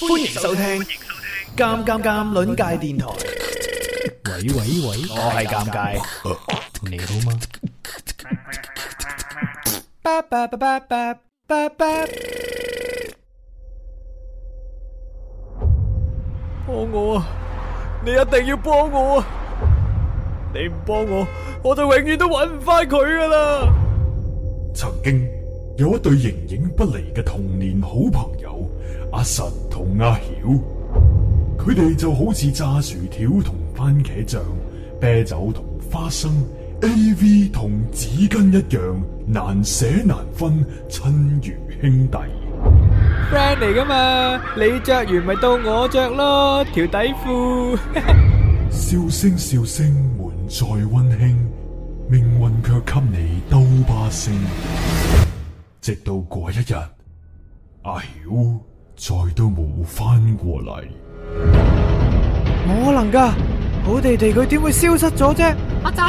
歡迎收聽《尷尷尷》輪界電台。喂喂喂，我係尷尬，你好嗎？幫我啊！你一定要幫我啊！你唔幫我，我就永遠都搵唔翻佢㗎喇！曾經有一對形影不離嘅童年好朋友。阿實同阿曉，佢哋就好似炸薯條同番茄醬、啤酒同花生、A V 同紙巾一樣難捨難分，親如兄弟。friend 嚟噶嘛？你着完咪到我着咯，條底褲。笑聲笑聲滿載温馨，命運卻給你兜巴星。直到過一日，阿曉。再都冇翻過嚟，冇可能噶！好哋哋，佢點會消失咗啫？阿仔，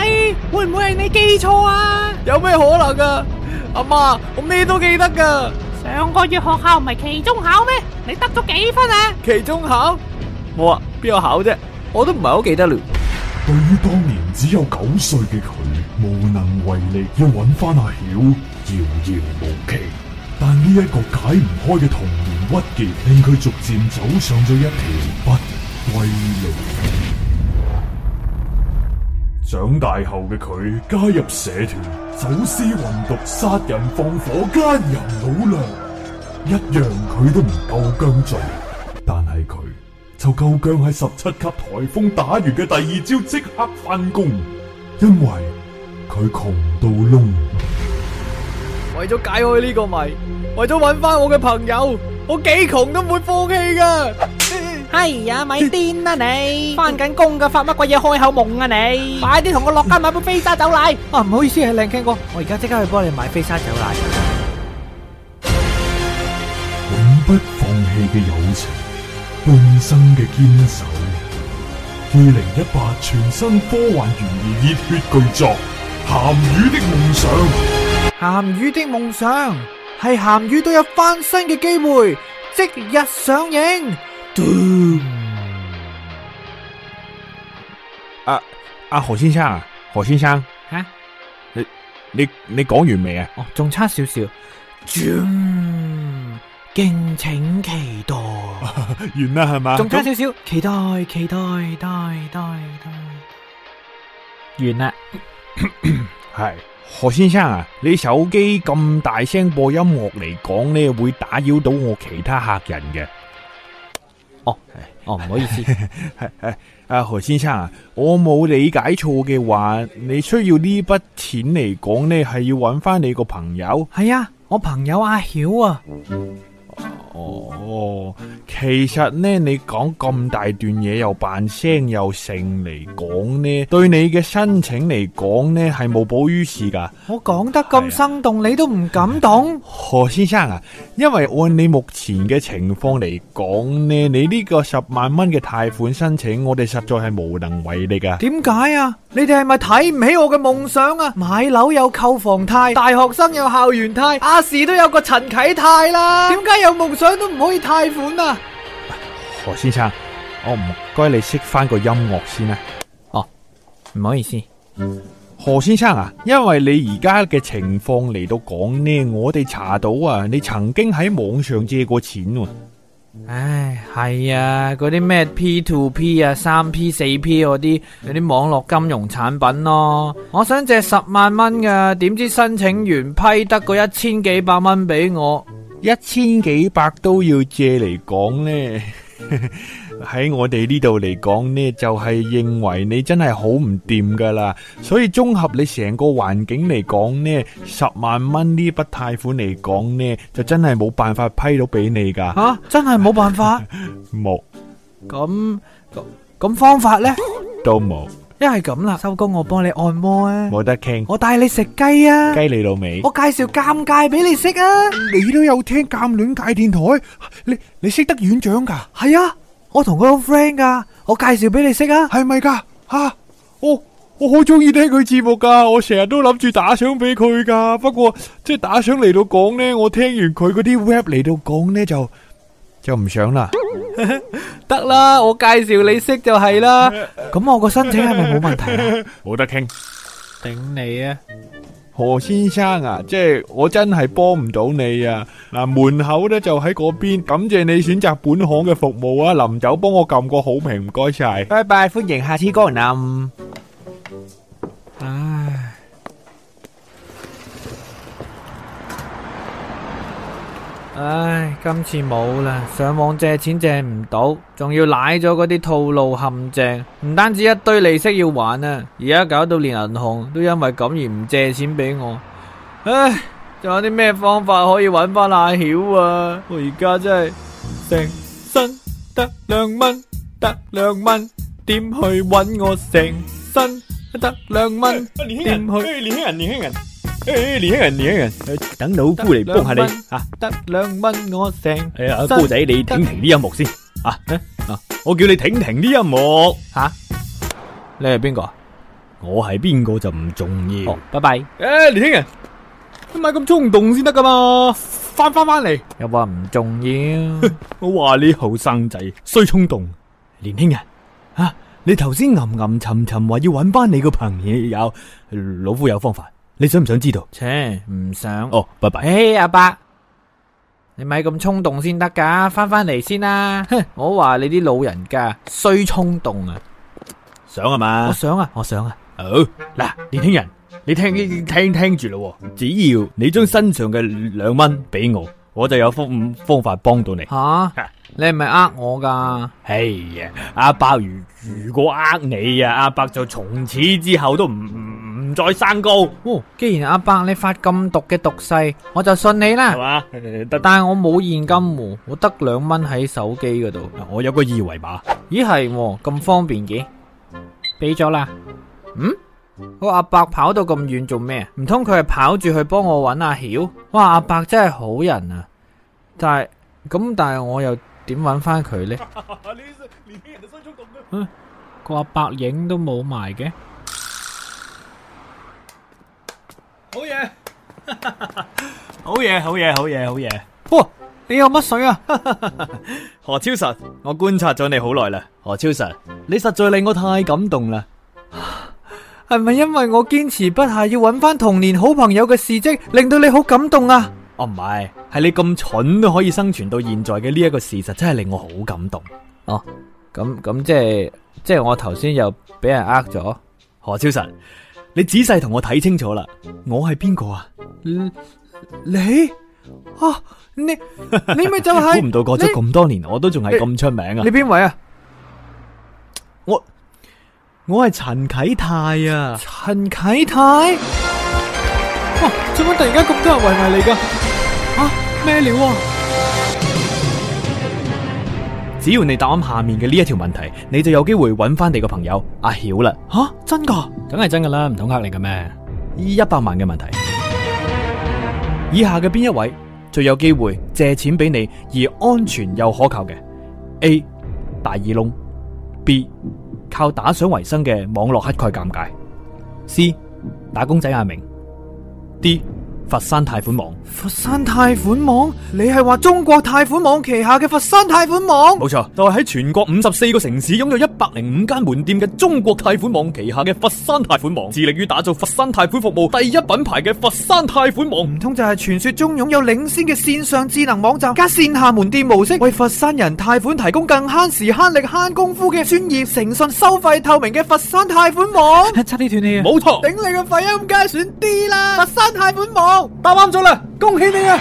會唔會係你記錯啊？有咩可能噶？阿媽，我咩都記得噶。上個月學校唔係期中考咩？你得咗幾分啊？期中考？冇啊，邊有考啫？我都唔係好記得嘞。對於當年只有九歲嘅佢，無能為力，要搵翻阿曉，遙遙無期。但呢一個解唔開嘅童年鬱結，令佢逐漸走上咗一條不歸路。長大後嘅佢加入社團，走私、混毒、殺人、放火、奸人、老娘一樣佢都唔夠薑做。但係佢就夠薑喺十七級台風打完嘅第二朝，即刻返工，因為佢窮到窿。為咗解開呢個謎，為咗揾翻我嘅朋友，我幾窮都唔會放棄噶。係呀，咪癲啦你！翻緊工噶，發乜鬼嘢開口夢啊你！快啲同我落街買杯飛沙走奶。啊，唔好意思，係靚 Ken 哥，我而家即刻去幫你買飛沙走奶。永不放棄嘅友情，半生嘅堅守。二零一八全新科幻懸疑熱血巨作《咸魚的夢想》。鹹魚的夢想係鹹魚都有翻身嘅機會，即日上映。阿阿、啊啊、何先生啊，何先生，吓哈你你你講完未啊？哦，仲差少少。敬請期待。 完啦係嘛？仲差少少總，期待期待待待待。待完啦，係。 何先生啊，你手機咁大聲播音樂嚟講呢，會打擾到我其他客人嘅。哦，哦，唔好意思，係 何先生啊，我冇理解錯嘅話，你需要呢筆錢嚟講呢，係要揾翻你個朋友。係啊，我朋友阿曉啊。哦，其實呢，你講咁大段嘢，又扮聲又盛嚟，講呢，對你嘅申請嚟講呢，係無補於事噶。我講得咁生動，啊、你都唔感動，何先生啊？因為按你目前嘅情況嚟講呢，你呢個十萬蚊嘅貸款申請，我哋實在係無能為力噶。點解啊？你哋係咪睇唔起我嘅夢想啊？買樓有購房貸，大學生有校園貸，亞視都有個陳啟泰啦、啊。點解有夢想都唔可以貸款啊？何先生，我唔該你熄返個音樂先啊。哦，唔好意思，何先生啊，因為你而家嘅情況嚟到講呢，我哋查到啊，你曾經喺網上借過錢。唉，係啊，嗰啲咩 P2P 啊，三 P 四 P 嗰啲嗰啲網絡金融產品咯，我想借十萬蚊噶，點知申請完批得個一千幾百蚊俾我，一千幾百都要借嚟講呢。 喺我哋呢度嚟講呢，就係認為你真係好唔掂噶啦，所以綜合你成個環境嚟講呢，十萬蚊呢筆貸款嚟講呢，就真係冇辦法批到俾你噶。吓，真係冇辦法？冇。咁咁方法呢都冇，一係咁啦，收工我幫你按摩啊，冇得傾，我帶你食雞啊，雞你老味，我介紹奸介俾你識啊，你都有聽奸戀界電台，你你識得院長噶？係啊。我同佢好 friend 噶。啊，我介紹俾你識啊，係咪噶？吓。啊，我我好中意聽佢節目噶，我成日都諗住打賞俾佢噶，不過即係打賞嚟到講呢，我聽完佢嗰啲 Web 嚟到講呢，就就唔想啦。得啦， 我介紹你識就係啦。咁我個申請係咪冇問題啊？冇得傾，頂你啊！何先生啊，即係我真係幫唔到你啊！嗱，門口呢就喺嗰邊，感謝你選擇本行嘅服務啊！臨走幫我撳個好評，唔該晒。拜拜，歡迎下次光臨。唉，今次冇啦，上網借錢借唔到，仲要瀨咗嗰啲套路陷阱，唔單止一堆利息要還啊，而家搞到連銀行都因為咁而唔借錢俾我。唉，仲有啲咩方法可以揾翻阿曉啊？我而家真係成身得兩蚊，得兩蚊，點去揾我成身得兩蚊？點去？年輕人，年輕人，年輕人。誒、欸，年輕人，年輕人、呃，等老夫嚟幫下你吓，得兩蚊我成。誒啊，姑、哎、仔，你停停呢一幕先吓、啊啊，我叫你停停呢一幕吓、啊啊啊。你係邊個？我係邊個就唔重要、哦。拜拜。誒、欸，年輕人，唔係咁衝動先得噶嘛，翻翻翻嚟。回回又話唔重要， 我話你後生仔衰衝動。年輕人，吓、啊、你頭先吟吟沉沉話要揾翻你個朋友，老夫有方法。你想唔想知道？切，唔想哦，拜拜。哎，阿伯，你咪咁衝動先得噶，返返嚟先啦。哼，我話你啲老人家衰衝動啊，想啊嘛，我想啊，我想啊。好，嗱，年輕人，你聽聽聽住咯，只要你將身上嘅兩蚊俾我，我就有方方法幫到你。吓，你係咪呃我噶？哎呀，阿伯，如如果呃你啊，阿伯就從此之後都唔。唔再升高，哦。既然阿伯你發咁毒嘅毒誓，我就信你啦。是吧 但係我冇現金戶，哦，我得兩蚊喺手機嗰度。我有個二維碼。咦，係咁、啊、方便嘅？俾咗啦。嗯？我、嗰個、阿伯跑到咁遠做咩？唔通佢係跑住去幫我揾阿曉？哇！阿伯真係好人啊。但係咁，但係我又點揾翻佢咧？嗯，嗰個阿伯影都冇埋嘅。好嘢，好嘢，好 嘢，好嘢！好哇，你有乜水啊？ 何超神，我觀察咗你好耐啦，何超神，你實在令我太感動啦！係咪因為我堅持不下要揾翻童年好朋友嘅事蹟，令到你好感動啊？哦，唔係，係你咁蠢都可以生存到現在嘅呢一個事實，真係令我好感動。哦，咁咁即係即係我頭先又俾人呃咗，何超神。你仔細同我睇清楚啦，我係邊個啊？你啊，你你咪就係、是，估唔 到過咗咁你多年，我都仲係咁出名啊你！你邊位啊？我我係陳啟泰啊！陳啟泰，哦，做乜突然間咁多人圍埋嚟噶？啊，咩料啊？只要你答啱下面嘅呢一條問題，你就有機會揾翻你個朋友阿曉啦！吓、啊，真噶？梗係真噶啦，唔通呃你噶咩？呢一百萬嘅問題， 以下嘅邊一位最有機會借錢俾你，而安全又可靠嘅？A 大耳窿，B 靠打賞為生嘅網絡乞丐尷尬，C 打工仔阿明，D。佛山貸款網，佛山貸款網，你係話中國貸款網旗下嘅佛山貸款網？冇錯，就係喺全國五十四個城市擁有一百零五間門店嘅中國貸款網旗下嘅佛山貸款網，致力於打造佛山貸款服務第一品牌嘅佛山貸款網，唔通就係傳說中擁有領先嘅線上智能網站加線下門店模式，為佛山人貸款提供更慳時慳力慳功夫嘅專業、誠信、收費透明嘅佛山貸款網。差啲斷氣，冇錯，頂你個肺啊！梗係選 D 啦，佛山貸款網。答啱咗啦，恭喜你啊！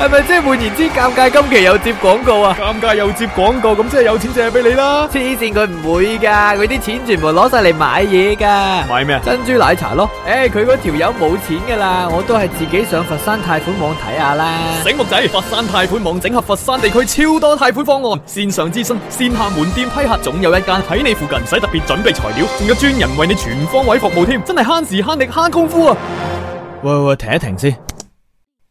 係咪即係換言之，尷尬今期又接廣告啊？尷尬又接廣告，咁即係有錢借俾你啦！黐線佢唔會噶，佢啲錢全部攞晒嚟買嘢噶。買咩？珍珠奶茶咯。誒、欸，佢嗰條友冇錢噶啦，我都係自己上佛山貸款網睇下啦。醒目仔，佛山貸款網整合佛山地區超多貸款方案，線上諮詢，線下門店批核，總有一間喺你附近。唔使特別準備材料，仲有專人為你全方位服務添，真係慳時慳力慳功夫啊！喂喂停一停先，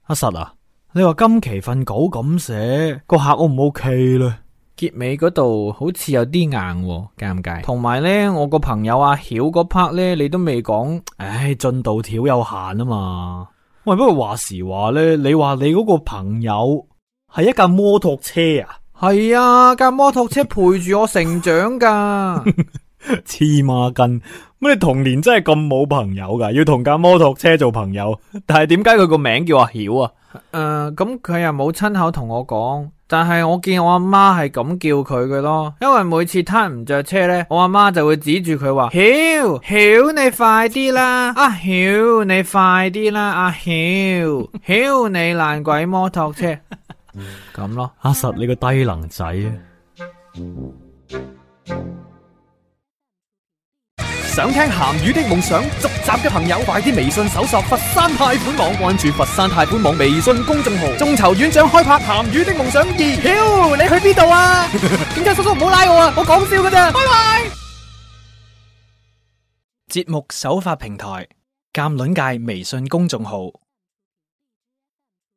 阿、啊、實啊，你話今期份稿咁寫個客 O 唔 O K 咧？結尾嗰度好似有啲硬、啊，尷唔尷尬？同埋呢，我個朋友阿曉嗰 part 呢，你都未講，唉、哎，進度條有限啊嘛。喂，不過話時話呢，你話你嗰個朋友係一架摩托車啊？係啊，架摩托車陪住我成長噶。 黐孖筋，乜你童年真係咁冇朋友噶？要同架摩托車做朋友，但係點解佢個名叫阿曉啊？誒、呃、咁、嗯、佢又冇親口同我講，但係我見我阿媽係咁叫佢嘅咯。因為每次撻唔着車呢，我阿媽就會指住佢話：，曉曉 你快啲啦，阿、啊、曉你快啲啦，阿曉曉你爛鬼摩托車咁咯。阿、 嗯啊、實你個低能仔啊！想聽鹹魚的夢想續集嘅朋友，快啲微信搜索佛山太管網，關注佛山太管網微信公眾號，眾籌院長開拍《鹹魚的夢想二》。Yo，你去邊度啊？警察叔叔唔好拉我啊！我講笑㗎咋，拜拜。節目首發平台：鑑卵界微信公眾號。